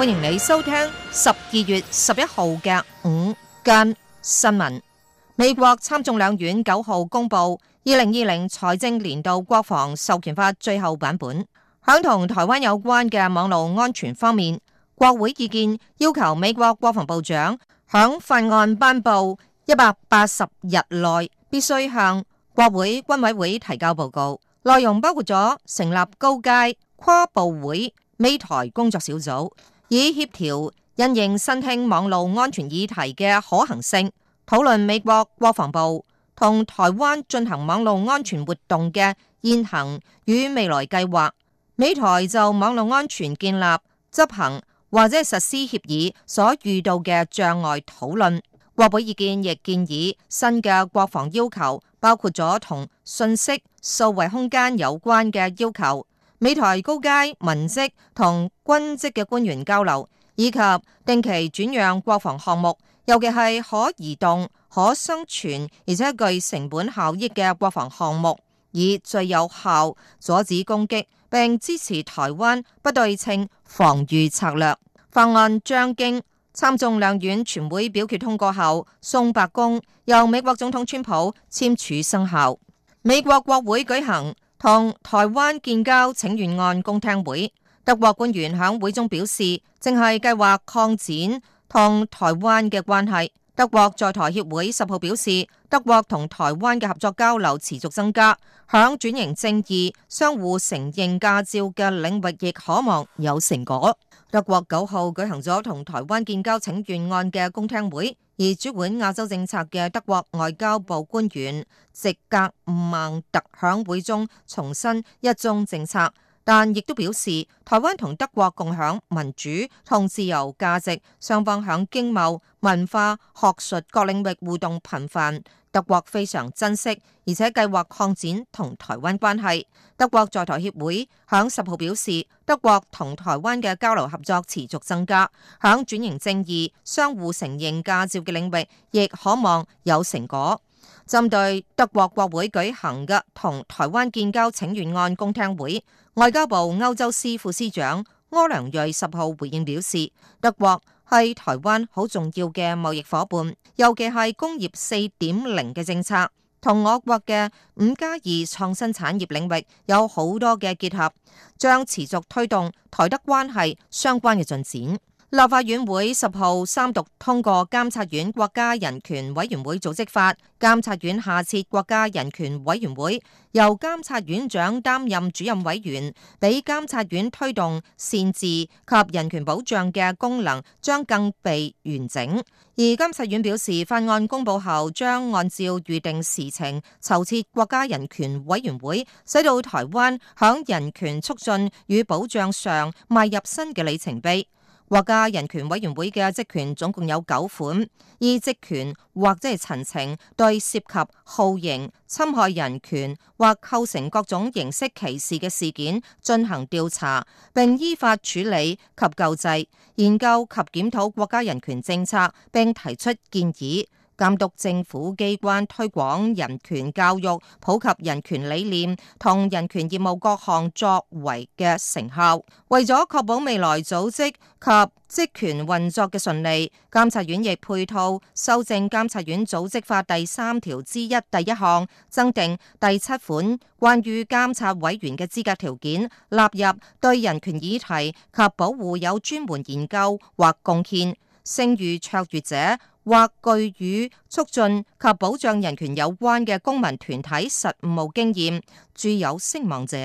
歡迎你收聽十二月十一號嘅午間新聞。美國參眾兩院九號公布二零二零財政年度國防授權法最後版本。響同台灣有關嘅網絡安全方面，國會意見要求美國國防部長響法案頒布一百八十日內必須向國會軍委會提交報告，內容包括咗成立高階跨部會美台工作小組。以協調因應新興網路安全議題嘅可行性，討論美國國防部同台灣進行網路安全活動嘅現行與未來計劃。美台就網路安全建立、執行或者係實施協議所遇到嘅障礙討論。國會意見亦建議新嘅國防要求包括咗同信息數位空間有關嘅要求。美台高階文職同軍職嘅官員交流，以及定期轉讓國防項目，尤其係可移動、可生存而且具成本效益嘅國防項目，以最有效阻止攻擊並支持台灣不對稱防禦策略。法案將經參眾兩院全會表決通過後，送白宮由美國總統川普簽署生效。美國國會舉行。同台灣建交請願案公聽會，德國官員響會中表示，正係計劃擴展同台灣嘅關係。德國在台協會十號表示，德國同台灣嘅合作交流持續增加，響轉型正義、相互承認駕照嘅領域亦可望有成果。德國九號舉行咗同台灣建交請願案嘅公聽會。而主管亞洲政策嘅德國外交部官員席格曼特響會中重申一中政策，但亦都表示台灣同德國共享民主同自由價值，雙方響經貿、文化、學術各領域互動頻繁。德國非常珍惜，而且計劃擴展同台灣關係。德國在台協會響十號表示，德國同台灣嘅交流合作持續增加，響轉型正義、相互承認駕照嘅領域，亦可望有成果。針對德國國會舉行嘅同台灣建交請願案公聽會，外交部歐洲司副司長柯良瑞十號回應表示，德國係台灣好重要嘅貿易夥伴，尤其係工業四點零嘅政策，同我國嘅五加二創新產業領域有好多嘅結合，將持續推動台德關係相關嘅進展。立法院會十號三讀通過監察院國家人權委員會組織法，監察院下設國家人權委員會，由監察院長擔任主任委員，俾監察院推動善治及人權保障嘅功能將更被完整。而監察院表示，法案公布後將按照預定時程，籌設國家人權委員會，使到台灣響人權促進與保障上邁入新嘅里程碑。國家人權委員會嘅職權總共有九款，依職權或者係陳情，對涉及酷刑、侵害人權或構成各種形式歧視嘅事件進行調查，並依法處理及救濟，研究及檢討國家人權政策，並提出建議。監督政府機關推廣人權教育、普及人權理念同人權業務各項作為嘅成效，為咗確保未來組織及職權運作嘅順利，監察院亦配套修正《監察院組織法》第三條之一第一項，增訂第七款，關於監察委員嘅資格條件，納入對人權議題及保護有專門研究或貢獻、聲譽卓越者。或具與促進及保障人權有關嘅公民團體實務經驗，著有聲望者，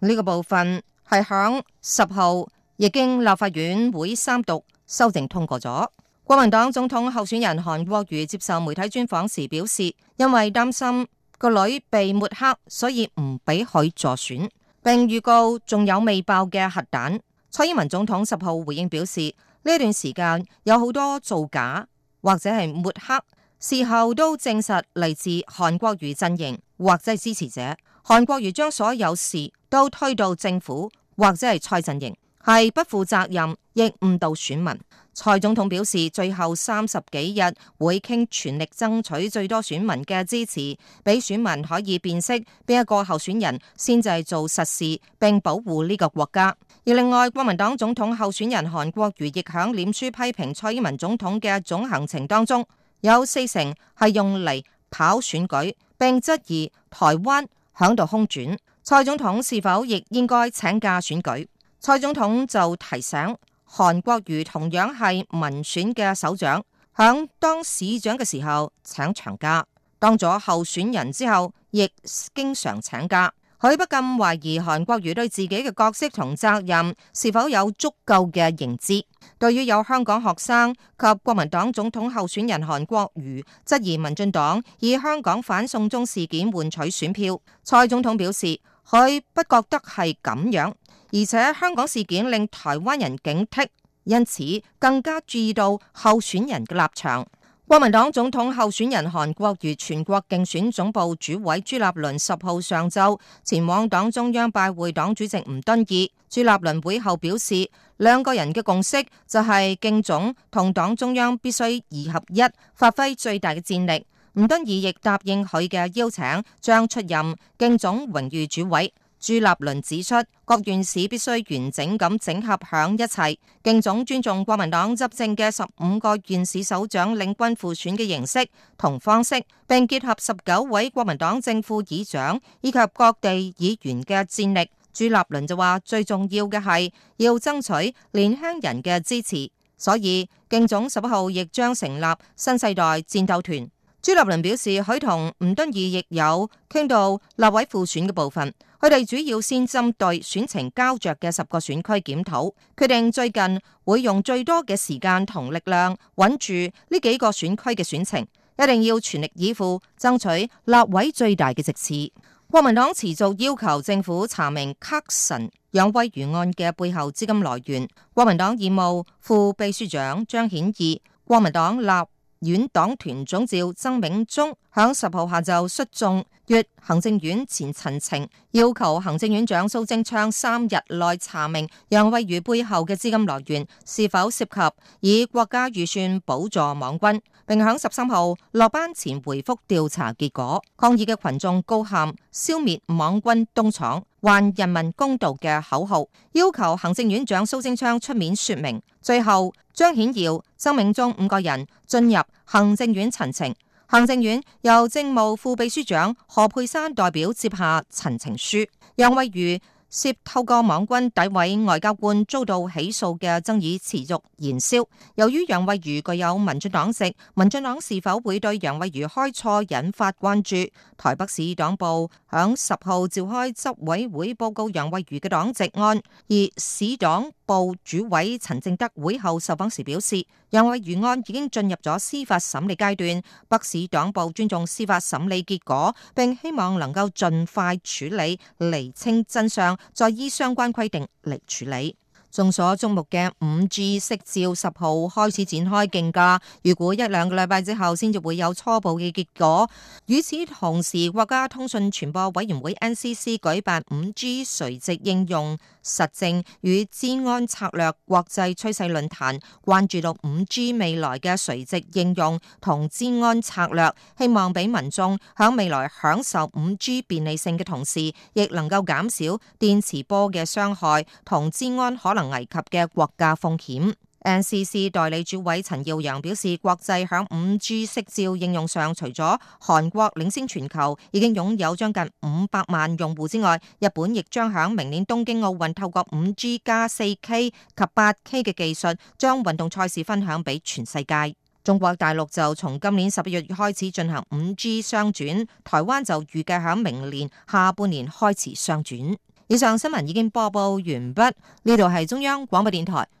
呢個部分係響十號，亦經立法院會三讀修正通過咗。國民黨總統候選人韓國瑜接受媒體專訪時表示，因為擔心個女被抹黑，所以唔俾佢助選，並預告仲有未爆嘅核彈。蔡英文總統十號回應表示，呢段時間有好多造假。或者係抹黑，事後都證實嚟自韓國瑜陣營，或者係支持者。韓國瑜將所有事都推到政府，或者係蔡陣營。係不負責任，亦誤導選民。蔡總統表示，最後三十幾日會傾全力爭取最多選民嘅支持，俾選民可以辨識邊一個候選人先製造實事，並保護呢個國家。而另外，國民黨總統候選人韓國瑜亦響臉書批評蔡英文總統嘅總行程當中，有四成係用嚟跑選舉，並質疑台灣響度空轉。蔡總統是否亦應該請假選舉？蔡總統就提醒韓國瑜同樣係民選嘅首長，響當市長嘅時候請長假，當咗候選人之後亦經常請假。佢不禁懷疑韓國瑜對自己嘅角色同責任是否有足夠嘅認知。對於有香港學生及國民黨總統候選人韓國瑜質疑民進黨以香港反送中事件換取選票，蔡總統表示，佢不覺得係咁樣。而且香港事件令台灣人警惕，因此更加注意到候選人嘅立場。國民黨總統候選人韓國瑜全國競選總部主委朱立倫十號上晝前往黨中央拜會黨主席吳敦義。朱立倫會後表示，兩個人嘅共識就係競總同黨中央必須二合一，發揮最大嘅戰力。吳敦義亦答應佢嘅邀請將出任競總榮譽主委。朱立倫指出，各縣市必須完整咁整合響一齊，競總尊重國民黨執政嘅十五個縣市首長領軍赴選嘅形式同方式，並結合十九位國民黨正副議長以及各地議員嘅戰力。朱立倫就話，最重要嘅係要爭取年輕人嘅支持，所以競總十一號亦將成立新世代戰鬥團。朱立倫表示，佢同吳敦義亦有傾到立委輔選嘅部分，佢哋主要先針對選情膠着嘅十個選區檢討，決定最近會用最多嘅時間同力量穩住呢幾個選區嘅選情，一定要全力以赴爭取立委最大嘅席次。國民黨持續要求政府查明卡神楊蕙如案嘅背後資金來源。國民黨義務副秘書長張顯義，國民黨立。藍黨團總召曾銘宗，響十號下晝，率眾越行政院前陳情，要求行政院長蘇貞昌三日內查明楊蕙如背後嘅資金來源是否涉及以國家預算補助網軍，并喺十三號落班前回覆調查結果。抗議嘅群眾高喊“消滅網軍東廠，還人民公道”嘅口號，要求行政院長蘇貞昌出面說明。最後，張顯耀、曾銘宗五個人進入行政院陳情。行政院由政務副秘書長何佩珊代表接下陳情書。楊蕙如涉透過網軍詆毀外交官，遭到起訴嘅爭議持續燃燒。由於楊蕙如具有民進黨籍，民進黨是否會對楊蕙如開錯引發關注。台北市黨部響十號召開執委會，報告楊蕙如嘅黨籍案，而市黨。部主委陳正德會後受訪時表示，楊蕙如案已經進入咗司法審理階段，北市黨部尊重司法審理結果，並希望能夠盡快處理釐清真相，再依相關規定嚟處理。眾所矚目嘅五 G 釋照十號開始展開競價，如果一兩個禮拜之後，先至會有初步嘅結果。與此同時，國家通訊傳播委員會 NCC 舉辦五 G 垂直應用。實證與資安策略國際趨勢論壇，關注到 5G 未來嘅垂直應用同資安策略，希望俾民眾喺未來享受 5G 便利性嘅同時，亦能夠減少電磁波嘅傷害同資安可能危及嘅國家風險。NCC 代理主委陳耀揚表示，國際響五 G 釋照應用上，除咗韓國領先全球，已經擁有將近五百萬用戶之外，日本亦將響明年東京奧運透過五 G 加四 K 及八 K 嘅技術，將運動賽事分享俾全世界。中國大陸就從今年十一月開始進行五 G 雙轉，台灣就預計響明年下半年開始雙轉。以上新聞已經播報完畢，呢度係中央廣播電台。